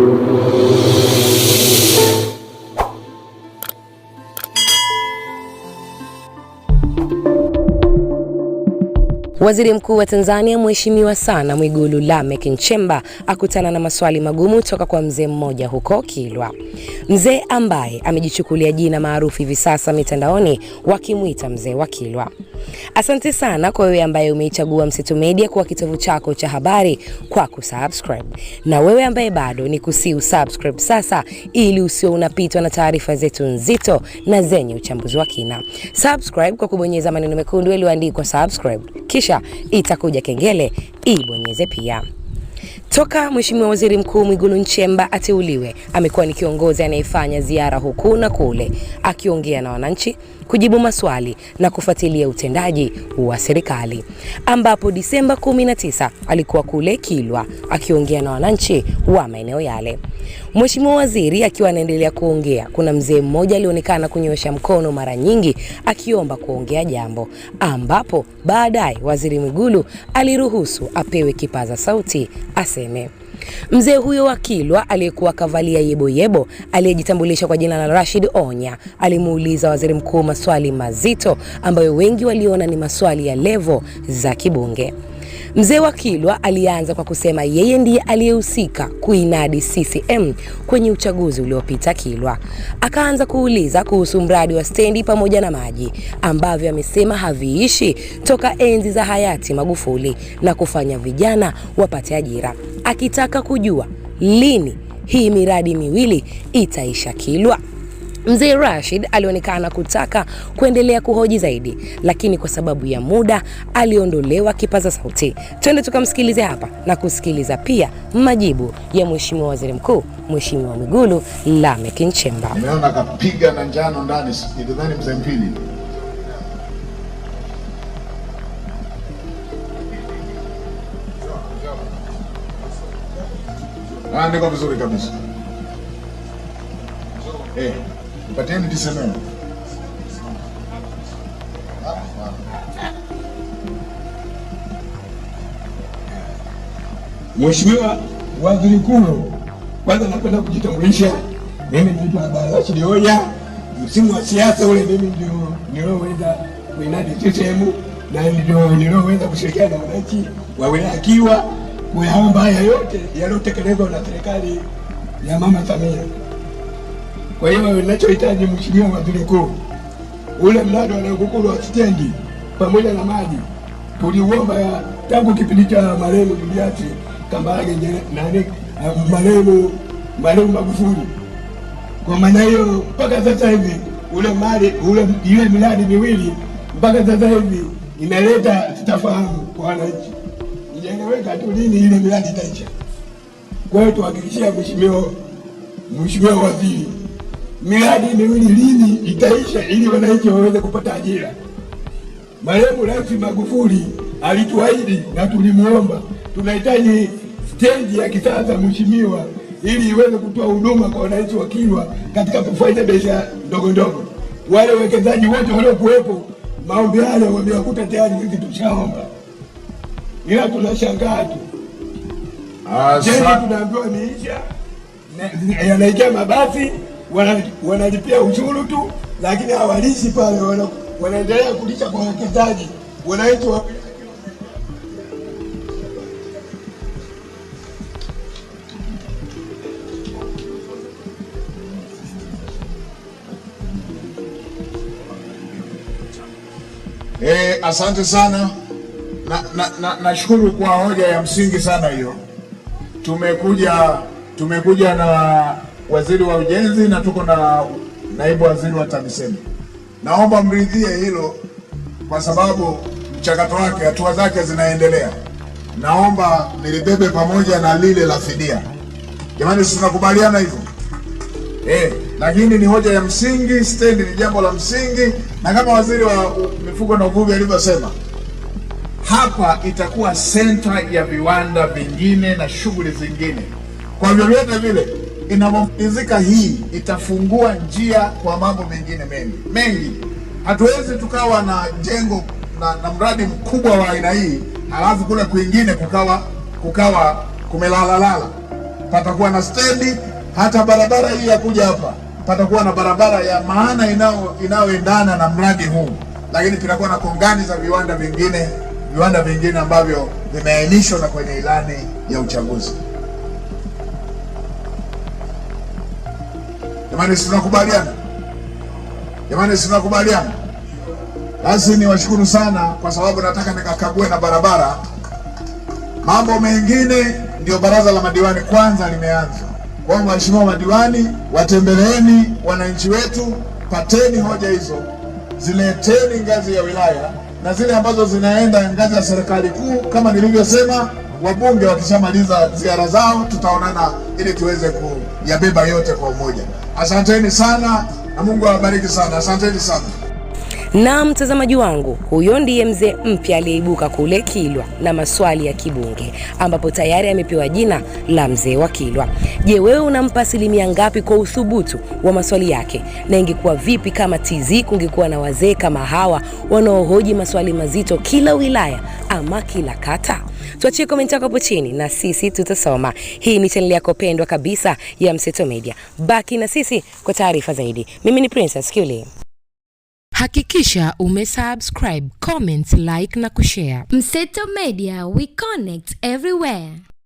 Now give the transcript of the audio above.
Senhor. Waziri Mkuu wa Tanzania Mheshimiwa sana Mwigulu Lameck Nchemba akutana na maswali magumu toka kwa mzee mmoja huko Kilwa. Mzee ambaye amejichukulia jina maarufu hivi sasa mitandaoni wakimwita mzee wa Kilwa. Asante sana kwa wewe ambaye umeichagua Mseto Media kuwa kitovu chako cha habari kwa kusubscribe, na wewe ambaye bado ni kusi usubscribe sasa, ili usio unapitwa na taarifa zetu nzito na zenye uchambuzi wa kina. Subscribe kwa kubonyeza maneno mekundu yaliyoandikwa subscribe, kisha itakuja kengele ibonyeze pia. Toka Mheshimiwa Waziri Mkuu Mwigulu Nchemba ateuliwe, amekuwa ni kiongozi anayefanya ziara huku na kule, akiongea na wananchi, kujibu maswali na kufuatilia utendaji wa serikali, ambapo Disemba 19 alikuwa kule Kilwa akiongea na wananchi wa maeneo yale. Mheshimiwa Waziri akiwa anaendelea kuongea, kuna mzee mmoja alionekana kunyosha mkono mara nyingi akiomba kuongea jambo, ambapo baadaye Waziri Mwigulu aliruhusu apewe kipaza sauti aseme. Mzee huyo wa Kilwa aliyekuwa kavalia yeboyebo aliyejitambulisha kwa jina la Rashid Onya alimuuliza waziri mkuu maswali mazito ambayo wengi waliona ni maswali ya levo za kibunge. Mzee wa Kilwa alianza kwa kusema yeye ndiye aliyehusika kuinadi CCM kwenye uchaguzi uliopita Kilwa. Akaanza kuuliza kuhusu mradi wa stendi pamoja na maji ambavyo amesema haviishi toka enzi za hayati Magufuli na kufanya vijana wapate ajira akitaka kujua lini hii miradi miwili itaisha Kilwa. Mzee Rashid alionekana kutaka kuendelea kuhoji zaidi, lakini kwa sababu ya muda aliondolewa kipaza sauti. Twende tukamsikilize hapa na kusikiliza pia majibu ya Mheshimiwa Waziri Mkuu Mheshimiwa Mwigulu Lameck Nchemba. Umeona kapiga na njano ndani, ilidhani mzee Mpili Andikwa ah, vizuri kabisa. Eh, mpatieni tisemeno. Mheshimiwa Waziri Mkuu, kwanza napenda kujitambulisha. Mimi naitwa Barashidi Oya. Msimu wa siasa ule mimi ndio nilioweza kuinadi CCM na ndio nilioweza kushirikiana na wananchi wa wilaya Kilwa kuyaomba haya yote yaliyotekelezwa na serikali ya Mama Samia. Kwa hiyo ninachohitaji, Mheshimiwa Waziri Mkuu, ule mradi wa nangukulu wa stendi pamoja na maji tuliuomba tangu kipindi cha marehemu Julius Kambarage na marehemu marehemu Magufuli. Kwa maana hiyo mpaka sasa hivi ule mali ule ile miradi miwili mpaka sasa hivi inaleta sitafahamu kwa wananchi itaeleweka tu lini ile miradi itaisha. Kwa hiyo tuhakikishia mheshimiwa, mheshimiwa waziri, miradi miwili lini itaisha, ili wananchi waweze kupata ajira. Marehemu Rais Magufuli alituahidi na tulimuomba, tunahitaji stendi ya kisasa mheshimiwa, ili iweze kutoa huduma kwa wananchi wa Kilwa katika kufanya biashara ndogo ndogo. Wale wawekezaji wote waliokuwepo maombi hayo wamewakuta tayari, sisi tushaomba ila tunashangaa tu jeni, tunaambiwa miisha, yanaingia mabasi, wanalipia ushuru tu, lakini hawalishi pale, wanaendelea kulisha kwa wawekezaji wananchi wa Eh, asante sana. Nashukuru na, na, na kwa hoja ya msingi sana hiyo. Tumekuja tumekuja na waziri wa ujenzi na tuko na naibu waziri wa TAMISEMI. Naomba mridhie hilo kwa sababu mchakato wake, hatua zake zinaendelea. Naomba nilibebe pamoja na lile la fidia. Jamani, si tunakubaliana hivyo eh? Lakini ni hoja ya msingi, stendi ni jambo la msingi, na kama waziri wa mifugo na uvuvi alivyosema hapa itakuwa senta ya viwanda vingine na shughuli zingine. Kwa vyovyote vile, inapomalizika hii itafungua njia kwa mambo mengine mengi mengi. Hatuwezi tukawa na jengo na, na mradi mkubwa wa aina hii halafu kule kwingine kukawa kukawa kumelalalala. Patakuwa na stendi, hata barabara hii ya kuja hapa patakuwa na barabara ya maana inayoendana na mradi huu, lakini tunakuwa na kongani za viwanda vingine viwanda vingine ambavyo vimeainishwa na kwenye ilani ya uchaguzi. Jamani, si tunakubaliana? Jamani, si tunakubaliana? Basi niwashukuru sana, kwa sababu nataka nikakague na barabara. Mambo mengine ndio baraza la madiwani kwanza limeanza. Kwa hiyo, waheshimiwa madiwani, watembeleeni wananchi wetu, pateni hoja hizo, zileteni ngazi ya wilaya na zile ambazo zinaenda ngazi ya serikali kuu. Kama nilivyosema, wabunge wakishamaliza ziara zao, tutaonana ili tuweze kuyabeba yote kwa umoja. Asanteni sana na Mungu awabariki sana. Asanteni sana. Na mtazamaji wangu, huyo ndiye mzee mpya aliyeibuka kule Kilwa na maswali ya kibunge, ambapo tayari amepewa jina la mzee wa Kilwa. Je, wewe unampa asilimia ngapi kwa uthubutu wa maswali yake, na ingekuwa vipi kama TZ kungekuwa na wazee kama hawa wanaohoji maswali mazito kila wilaya ama kila kata? Tuachie komenti yako hapo chini na sisi tutasoma. Hii ni chaneli yako pendwa kabisa ya Mseto Media. Baki na sisi kwa taarifa zaidi. Mimi ni Princess Kiuli. Hakikisha ume subscribe comment, like na kushare. Mseto Media, we connect everywhere.